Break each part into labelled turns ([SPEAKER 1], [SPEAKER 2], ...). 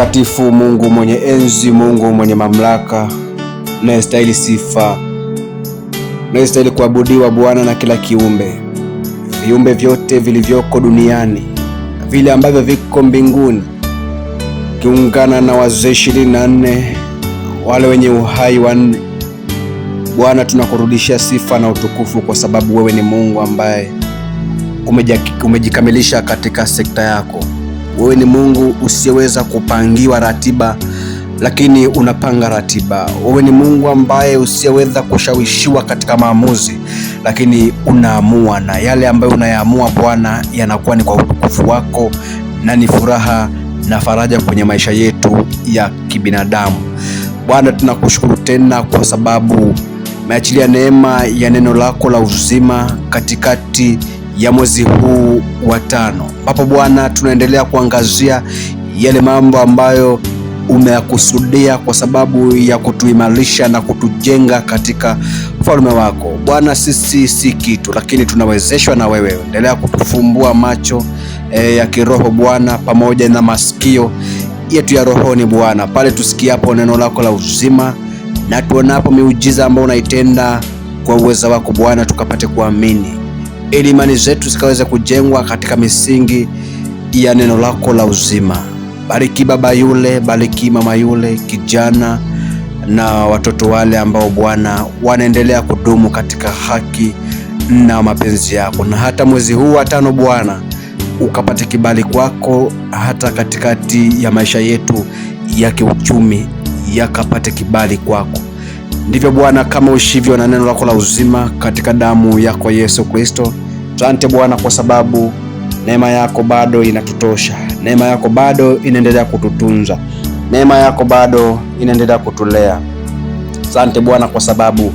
[SPEAKER 1] Mtakatifu, Mungu mwenye enzi, Mungu mwenye mamlaka, unayestahili sifa, unayestahili kuabudiwa Bwana na kila kiumbe, viumbe vyote vilivyoko duniani na vile ambavyo viko mbinguni, ukiungana na wazee ishirini na nne wale wenye uhai wanne. Bwana, tunakurudishia sifa na utukufu kwa sababu wewe ni Mungu ambaye umejikamilisha katika sekta yako wewe ni Mungu usiyeweza kupangiwa ratiba lakini unapanga ratiba. Wewe ni Mungu ambaye usiyeweza kushawishiwa katika maamuzi, lakini unaamua, na yale ambayo unayaamua Bwana yanakuwa ni kwa utukufu wako na ni furaha na faraja kwenye maisha yetu ya kibinadamu. Bwana, tunakushukuru tena kwa sababu umeachilia neema ya neno lako la uzima katikati ya mwezi huu wa tano, ambapo Bwana tunaendelea kuangazia yale mambo ambayo umeyakusudia kwa sababu ya kutuimarisha na kutujenga katika ufalme wako. Bwana, sisi si kitu, lakini tunawezeshwa na wewe. Endelea kutufumbua macho e, ya kiroho Bwana, pamoja na masikio yetu ya rohoni Bwana, pale tusikiapo neno lako la uzima na tuonapo miujiza ambayo unaitenda kwa uweza wako Bwana, tukapate kuamini ili imani zetu zikaweza kujengwa katika misingi ya neno lako la uzima. Bariki baba yule, bariki mama yule, kijana na watoto wale ambao Bwana wanaendelea kudumu katika haki na mapenzi yako, na hata mwezi huu wa tano Bwana ukapate kibali kwako, hata katikati ya maisha yetu ya kiuchumi yakapate kibali kwako Ndivyo Bwana, kama ushivyo na neno lako la uzima katika damu yako Yesu Kristo. Asante Bwana kwa sababu neema yako bado inatutosha, neema yako bado inaendelea kututunza, neema yako bado inaendelea kutulea. Asante Bwana kwa sababu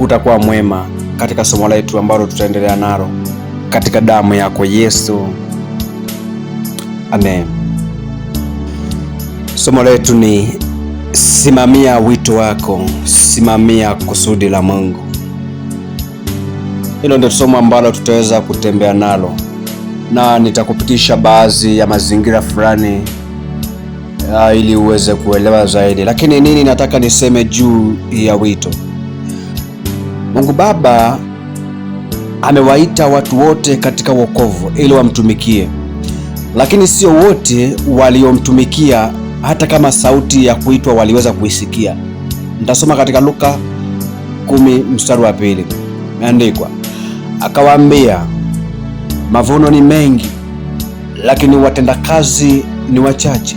[SPEAKER 1] utakuwa mwema katika somo letu ambalo tutaendelea nalo katika damu yako Yesu, amen. Somo letu ni Simamia wito wako, simamia kusudi la Mungu. Hilo ndio somo ambalo tutaweza kutembea nalo, na nitakupitisha baadhi ya mazingira fulani ah, ili uweze kuelewa zaidi. Lakini nini nataka niseme juu ya wito? Mungu Baba amewaita watu wote katika wokovu ili wamtumikie, lakini sio wote waliomtumikia hata kama sauti ya kuitwa waliweza kuisikia. Nitasoma katika Luka kumi mstari wa pili, imeandikwa akawaambia, mavuno ni mengi, lakini watendakazi ni wachache.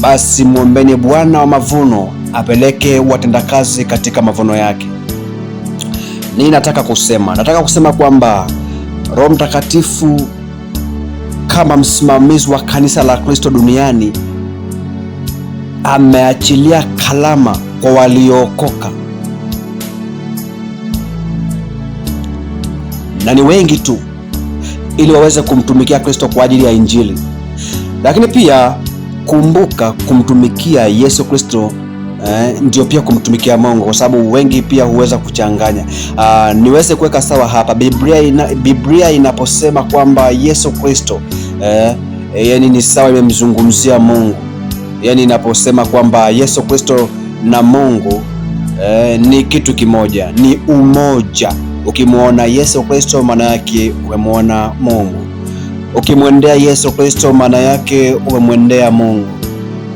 [SPEAKER 1] Basi mwombeni Bwana wa mavuno apeleke watendakazi katika mavuno yake. Nii nataka kusema, nataka kusema kwamba Roho Mtakatifu kama msimamizi wa kanisa la Kristo duniani ameachilia kalama kwa waliookoka, na ni wengi tu, ili waweze kumtumikia Kristo kwa ajili ya Injili. Lakini pia kumbuka, kumtumikia Yesu Kristo eh, ndio pia kumtumikia Mungu, kwa sababu wengi pia huweza kuchanganya. Aa, ah, niweze kuweka sawa hapa. Biblia, ina, Biblia inaposema kwamba Yesu Kristo eh, yani ni sawa imemzungumzia Mungu yani inaposema kwamba Yesu Kristo na Mungu eh, ni kitu kimoja, ni umoja. Ukimwona Yesu Kristo, maana yake umemwona Mungu. Ukimwendea Yesu Kristo, maana yake umemwendea Mungu.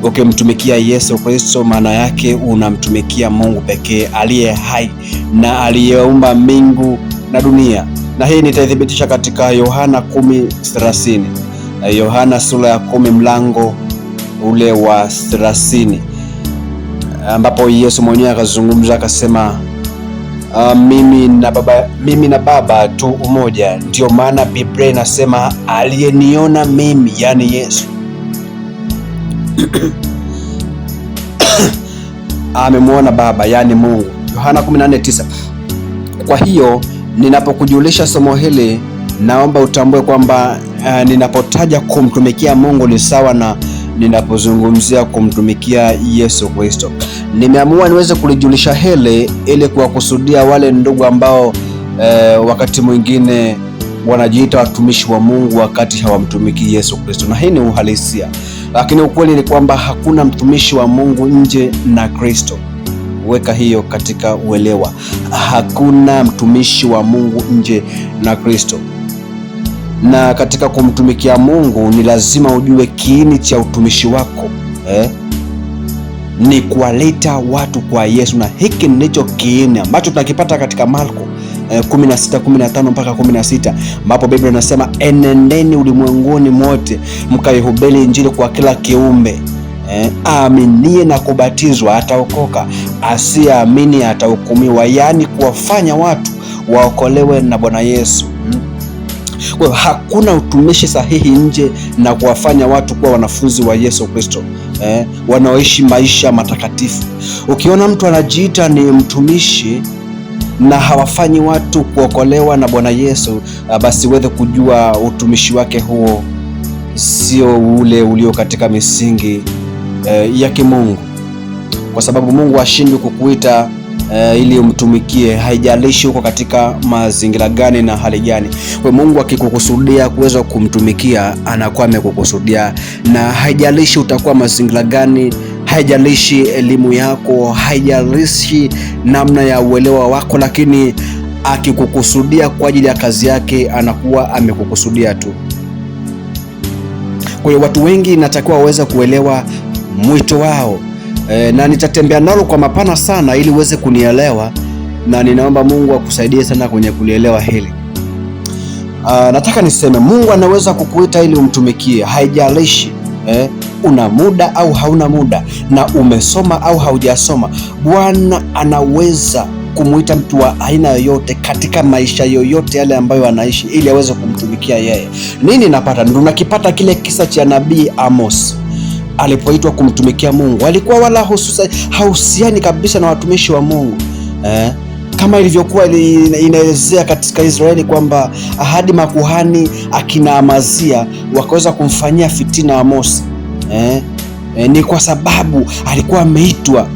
[SPEAKER 1] Ukimtumikia Yesu Kristo, maana yake unamtumikia Mungu pekee aliye hai na aliyeumba mbingu na dunia, na hii nitaithibitisha katika Yohana 10:30, Yohana sura ya 10 mlango ule wa 30 ambapo Yesu mwenyewe akazungumza akasema, uh, mimi na baba, mimi na baba tu umoja. Ndio maana Biblia inasema aliyeniona mimi, yani Yesu amemwona Baba, yani Mungu. Yohana 14:9. Kwa hiyo ninapokujulisha somo hili, naomba utambue kwamba uh, ninapotaja kumtumikia Mungu ni sawa na ninapozungumzia kumtumikia Yesu Kristo. Nimeamua niweze kulijulisha hili ili kuwakusudia wale ndugu ambao e, wakati mwingine wanajiita watumishi wa Mungu wakati hawamtumikii Yesu Kristo, na hii ni uhalisia, lakini ukweli ni kwamba hakuna mtumishi wa Mungu nje na Kristo. Weka hiyo katika uelewa, hakuna mtumishi wa Mungu nje na Kristo na katika kumtumikia Mungu ni lazima ujue kiini cha utumishi wako eh? Ni kuwaleta watu kwa Yesu, na hiki ndicho kiini ambacho tunakipata katika Marko 16:15 eh, mpaka 16 ambapo Biblia inasema enendeni ulimwenguni mote mkaihubiri Injili kwa kila kiumbe eh, aaminie na kubatizwa ataokoka, asiyeamini atahukumiwa, yaani kuwafanya watu waokolewe na Bwana Yesu. Kwa hiyo hakuna utumishi sahihi nje na kuwafanya watu kuwa wanafunzi wa Yesu Kristo eh, wanaoishi maisha matakatifu. Ukiona mtu anajiita ni mtumishi na hawafanyi watu kuokolewa na Bwana Yesu, ah, basi uweze kujua utumishi wake huo sio ule ulio katika misingi eh, ya kimungu, kwa sababu Mungu hashindwi kukuita uh, ili umtumikie, haijalishi uko katika mazingira gani na hali gani. Kwa Mungu akikukusudia kuweza kumtumikia, anakuwa amekukusudia, na haijalishi utakuwa mazingira gani haijalishi elimu yako, haijalishi namna ya uelewa wako, lakini akikukusudia kwa ajili ya kazi yake anakuwa amekukusudia tu. Kwa hiyo watu wengi natakiwa waweze kuelewa mwito wao e, na nitatembea nalo kwa mapana sana ili uweze kunielewa, na ninaomba Mungu akusaidie sana kwenye kulielewa hili. Uh, nataka niseme Mungu anaweza kukuita ili umtumikie, haijalishi eh, una muda au hauna muda, na umesoma au haujasoma. Bwana anaweza kumuita mtu wa aina yoyote katika maisha yoyote yale ambayo anaishi ili aweze kumtumikia yeye. Nini napata? Ndo nakipata kile kisa cha nabii Amos alipoitwa kumtumikia Mungu alikuwa wala hususa, hahusiani kabisa na watumishi wa Mungu eh? Kama ilivyokuwa inaelezea katika Israeli kwamba ahadi makuhani akina Amazia wakaweza kumfanyia fitina Amosi eh? Eh, ni kwa sababu alikuwa ameitwa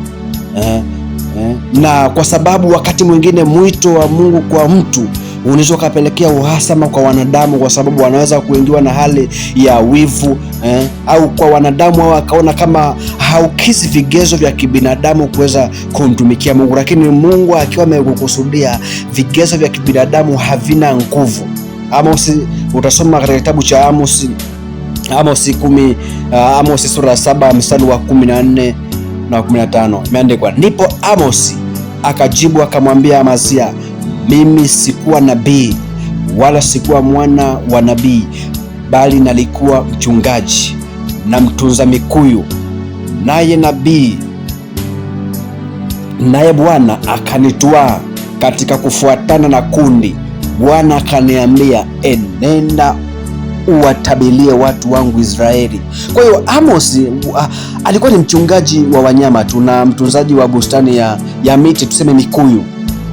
[SPEAKER 1] eh? Eh? na kwa sababu wakati mwingine mwito wa Mungu kwa mtu unaweza ukapelekea uhasama kwa wanadamu, kwa sababu wanaweza kuingiwa na hali ya wivu eh, au kwa wanadamu hao akaona kama haukisi vigezo vya kibinadamu kuweza kumtumikia Mungu. Lakini Mungu akiwa amekukusudia, vigezo vya kibinadamu havina nguvu. Amosi, utasoma katika kitabu cha Amosi, Amosi kumi, uh, Amosi sura saba mstari wa 14 na 15, imeandikwa ndipo Amosi akajibu akamwambia Amazia mimi sikuwa nabii wala sikuwa mwana wa nabii, bali nalikuwa mchungaji na mtunza mikuyu. Naye nabii naye Bwana akanitwaa katika kufuatana na kundi. Bwana akaniambia, enenda uwatabilie watu wangu Israeli. Kwa hiyo Amos alikuwa ni mchungaji wa wanyama tu na mtunzaji wa bustani ya, ya miti tuseme mikuyu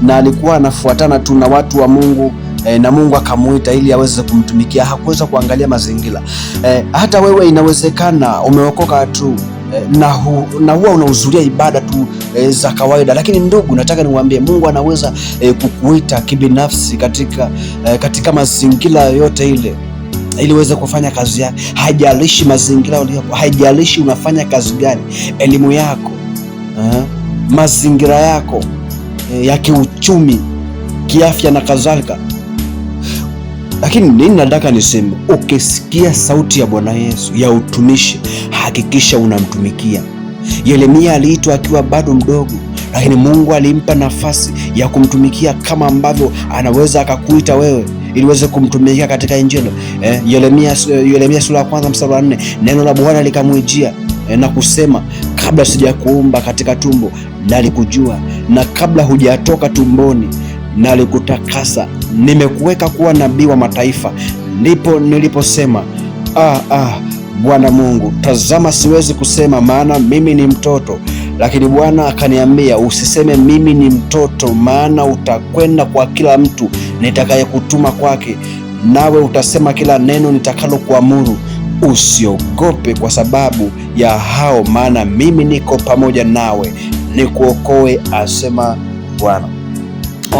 [SPEAKER 1] na alikuwa anafuatana tu na watu wa Mungu e, na Mungu akamuita ili aweze kumtumikia, hakuweza kuangalia mazingira e. Hata wewe inawezekana umeokoka tu eh, na, hu, na huwa unahudhuria ibada tu e, za kawaida, lakini ndugu, nataka niwaambie Mungu anaweza e, kukuita kibinafsi katika, e, katika mazingira yoyote ile ili uweze kufanya kazi yake. Haijalishi mazingira uliyopo, haijalishi unafanya kazi gani, elimu yako, uh, mazingira yako Eh, ya kiuchumi, kiafya na kadhalika. Lakini nini nataka niseme, ukisikia sauti ya Bwana Yesu ya utumishi, hakikisha unamtumikia. Yeremia aliitwa akiwa bado mdogo, lakini Mungu alimpa nafasi ya kumtumikia kama ambavyo anaweza akakuita wewe ili uweze kumtumikia katika Injili. Eh, Yeremia eh, Yeremia sura ya kwanza mstari wa nne neno la Bwana likamwijia eh, na kusema kabla sijakuumba katika tumbo nalikujua, na kabla hujatoka tumboni nalikutakasa, nimekuweka kuwa nabii wa mataifa. Ndipo niliposema ah, ah, Bwana Mungu, tazama, siwezi kusema, maana mimi ni mtoto. Lakini Bwana akaniambia, usiseme mimi ni mtoto, maana utakwenda kwa kila mtu nitakayekutuma kwake, nawe utasema kila neno nitakalokuamuru. Usiogope kwa sababu ya hao, maana mimi niko pamoja nawe, nikuokoe, asema Bwana.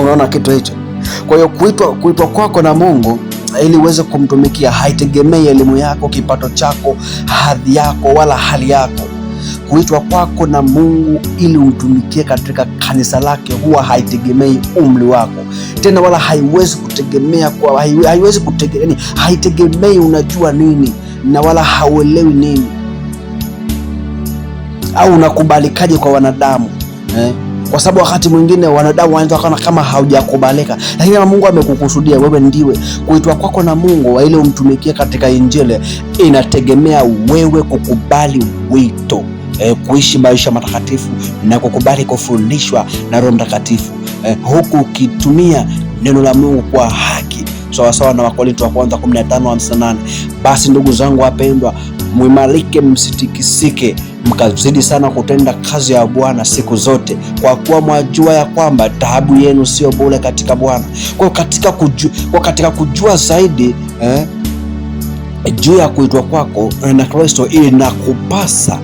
[SPEAKER 1] Unaona kitu hicho? Kwa hiyo kuitwa kuitwa kwako na Mungu ili uweze kumtumikia haitegemei elimu yako, kipato chako, hadhi yako, wala hali yako. Kuitwa kwako na Mungu ili umtumikie katika kanisa lake huwa haitegemei umri wako tena, wala haiwezi kutegemea kwa, haiwezi kutegemea, haitegemei unajua nini na wala hauelewi nini au unakubalikaje kwa wanadamu eh? Kwa sababu wakati mwingine wanadamu wanaweza kuona kama haujakubalika, lakini Mungu amekukusudia wewe, ndiwe kuitwa kwako na Mungu wa ile umtumikie katika Injili, inategemea wewe kukubali wito eh, kuishi maisha matakatifu na kukubali kufundishwa na Roho Mtakatifu eh, huku ukitumia neno la Mungu kwa haki sawasawa na Wakorintho wa kwanza 15:58. Basi ndugu zangu wapendwa, mwimarike, msitikisike mkazidi sana kutenda kazi ya Bwana siku zote, kwa kuwa mwajua ya kwamba taabu yenu sio bure katika Bwana. Kwa katika kujua, kwa katika kujua zaidi eh, juu ya kuitwa kwako eh, na Kristo nakupasa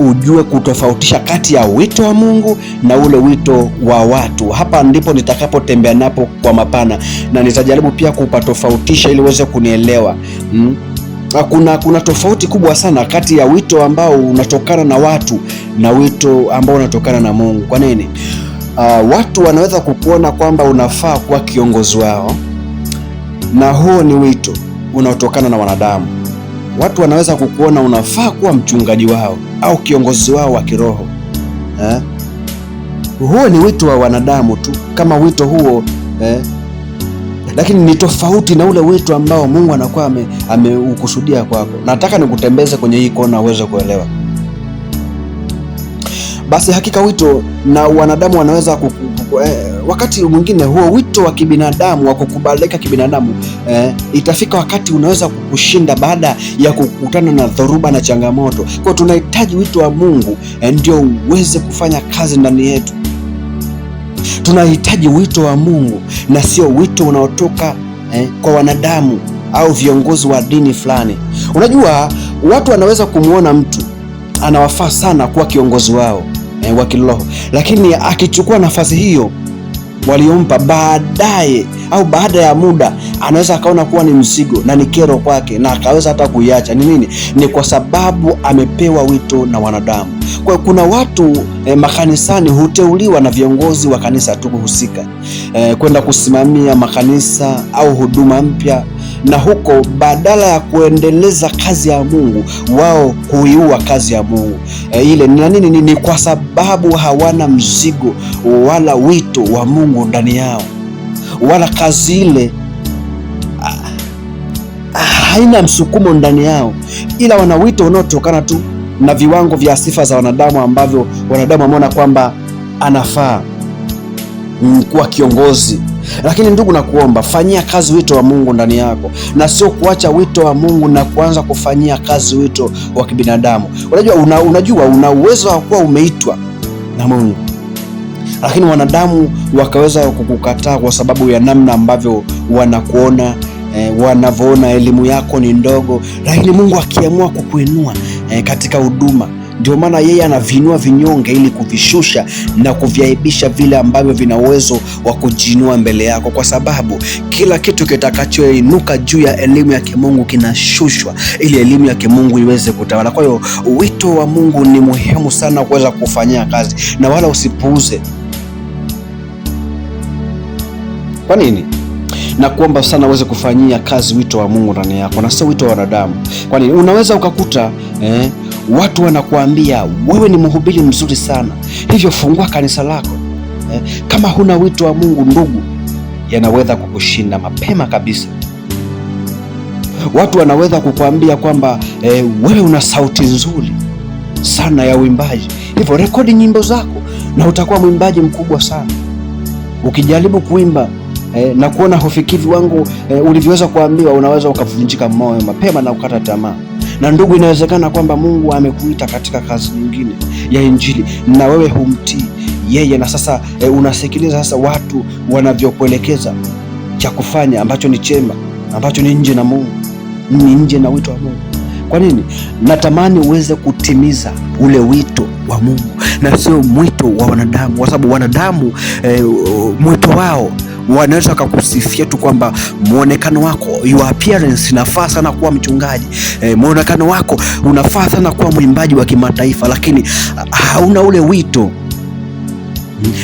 [SPEAKER 1] ujue kutofautisha kati ya wito wa Mungu na ule wito wa watu. Hapa ndipo nitakapotembea napo kwa mapana, na nitajaribu pia kupatofautisha ili uweze kunielewa hmm? Ah, kuna, kuna tofauti kubwa sana kati ya wito ambao unatokana na watu na wito ambao unatokana na Mungu. Kwa nini? Uh, watu wanaweza kukuona kwamba unafaa kuwa kiongozi wao, na huo ni wito unaotokana na wanadamu. Watu wanaweza kukuona unafaa kuwa mchungaji wao au kiongozi wao wa kiroho eh? Huo ni wito wa wanadamu tu, kama wito huo eh, lakini ni tofauti na ule wito ambao Mungu anakuwa ameukusudia ame kwako. Nataka nikutembeze kwenye hii kona uweze kuelewa. Basi hakika wito na wanadamu wanaweza kukuku, eh, wakati mwingine huo wito wa kibinadamu wa kukubalika kibinadamu eh, itafika wakati unaweza kukushinda baada ya kukutana na dhoruba na changamoto. Kwa tunahitaji wito wa Mungu eh, ndio uweze kufanya kazi ndani yetu. Tunahitaji wito wa Mungu na sio wito unaotoka eh, kwa wanadamu au viongozi wa dini fulani. Unajua, watu wanaweza kumwona mtu anawafaa sana kuwa kiongozi wao eh, wa kiroho, lakini akichukua nafasi hiyo waliompa baadaye au baada ya muda, anaweza akaona kuwa ni mzigo na ni kero kwake, na akaweza hata kuiacha. Ni nini? Ni kwa sababu amepewa wito na wanadamu. Kwa kuna watu eh, makanisani huteuliwa na viongozi wa kanisa tu kuhusika eh, kwenda kusimamia makanisa au huduma mpya na huko badala ya kuendeleza kazi ya Mungu wao huiua kazi ya Mungu e, ile na nini ni, ni kwa sababu hawana mzigo wala wito wa Mungu ndani yao wala kazi ile haina msukumo ndani yao, ila wana wito unaotokana tu na viwango vya sifa za wanadamu ambavyo wanadamu wameona kwamba anafaa kuwa kiongozi lakini ndugu, nakuomba fanyia kazi wito wa Mungu ndani yako, na sio kuacha wito wa Mungu na kuanza kufanyia kazi wito wa kibinadamu. Unajua una, unajua una uwezo wa kuwa umeitwa na Mungu, lakini wanadamu wakaweza kukukataa kwa sababu ya namna ambavyo wanakuona eh, wanavyoona elimu yako ni ndogo, lakini Mungu akiamua kukuinua eh, katika huduma ndio maana yeye anavinua vinyonge ili kuvishusha na kuviaibisha vile ambavyo vina uwezo wa kujiinua mbele yako, kwa sababu kila kitu kitakachoinuka juu ya elimu ya kimungu kinashushwa ili elimu ya kimungu iweze kutawala. Kwa hiyo wito wa Mungu ni muhimu sana kuweza kufanyia kazi na wala usipuuze. Kwa nini? na kuomba sana uweze kufanyia kazi wito wa Mungu ndani yako na sio wito wa wanadamu. Kwani unaweza ukakuta eh, watu wanakuambia wewe ni mhubiri mzuri sana, hivyo fungua kanisa lako. Eh, kama huna wito wa Mungu, ndugu, yanaweza kukushinda mapema kabisa. Watu wanaweza kukuambia kwamba e, wewe una sauti nzuri sana ya uimbaji, hivyo rekodi nyimbo zako na utakuwa mwimbaji mkubwa sana. Ukijaribu kuimba e, na kuona hufikii viwango e, ulivyoweza kuambiwa, unaweza ukavunjika moyo mapema na ukata tamaa. Na ndugu, inawezekana kwamba Mungu amekuita katika kazi nyingine ya injili na wewe humtii yeye, na sasa e, unasikiliza sasa watu wanavyokuelekeza cha kufanya ambacho ni chema, ambacho ni nje na Mungu, ni nje na wito wa Mungu. Kwa nini? Natamani uweze kutimiza ule wito wa Mungu na sio mwito wa wanadamu, kwa sababu wanadamu e, mwito wao wanaweza wakakusifia tu kwamba muonekano wako, your appearance inafaa sana kuwa mchungaji e, eh, muonekano wako unafaa sana kuwa mwimbaji wa kimataifa, lakini ah, hauna ule wito.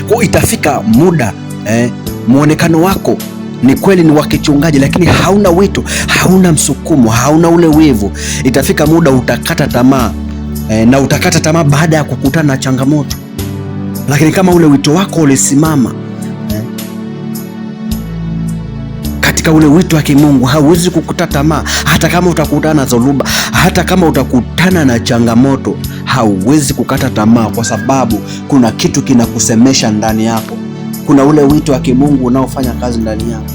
[SPEAKER 1] Kwa itafika muda e, eh, muonekano wako ni kweli ni wa kichungaji, lakini hauna wito, hauna msukumo, hauna ule wivu. Itafika muda utakata tamaa e, na utakata tamaa baada ya kukutana na changamoto. Lakini kama ule wito wako ulisimama katika ule wito wa kimungu. Hauwezi kukuta tamaa, hata kama utakutana na dhoruba, hata kama utakutana na changamoto, hauwezi kukata tamaa, kwa sababu kuna kitu kinakusemesha ndani yako, kuna ule wito wa kimungu unaofanya kazi ndani yako,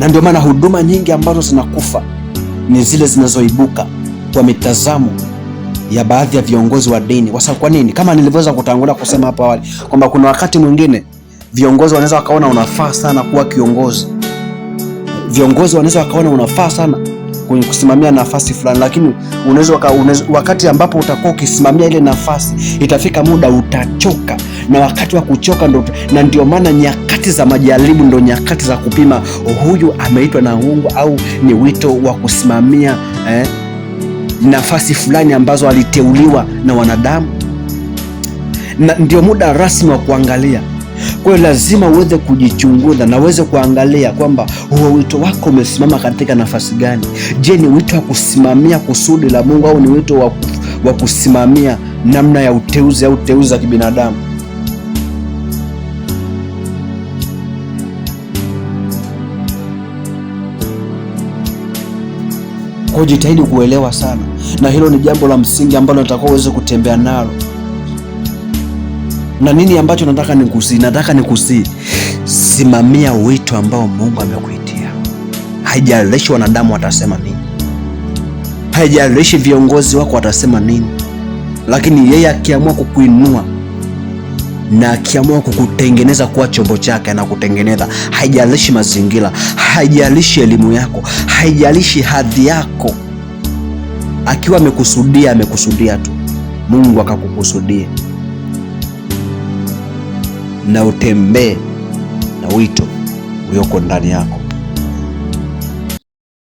[SPEAKER 1] na ndio maana huduma nyingi ambazo zinakufa ni zile zinazoibuka kwa mitazamo ya baadhi ya viongozi wa dini. Kwa nini? Kama nilivyoweza kutangulia kusema hapo awali kwamba kuna wakati mwingine Viongozi wanaweza wakaona unafaa sana kuwa kiongozi, viongozi wanaweza wakaona unafaa sana kwenye kusimamia nafasi fulani, lakini unaweza wakati ambapo utakuwa ukisimamia ile nafasi, itafika muda utachoka, na wakati wa kuchoka ndo, na ndio maana nyakati za majaribu ndo nyakati za kupima huyu ameitwa na Mungu au ni wito wa kusimamia eh, nafasi fulani ambazo aliteuliwa na wanadamu, na ndio muda rasmi wa kuangalia kwa hiyo lazima uweze kujichunguza na uweze kuangalia kwamba huo wito wako umesimama katika nafasi gani. Je, ni wito wa kusimamia kusudi la Mungu au ni wito wa kusimamia namna ya uteuzi au uteuzi za kibinadamu? Kujitahidi jitahidi kuelewa sana, na hilo ni jambo la msingi ambalo natakuwa uweze kutembea nalo na nini ambacho nataka nikusii, nataka nikusii, simamia wito ambao Mungu amekuitia. Haijalishi wanadamu watasema nini, haijalishi viongozi wako watasema nini, lakini yeye akiamua kukuinua na akiamua kukutengeneza kuwa chombo chake, anakutengeneza. Haijalishi mazingira, haijalishi elimu yako, haijalishi hadhi yako. Akiwa amekusudia, amekusudia tu, Mungu akakukusudia na utembee na wito ulioko ndani yako.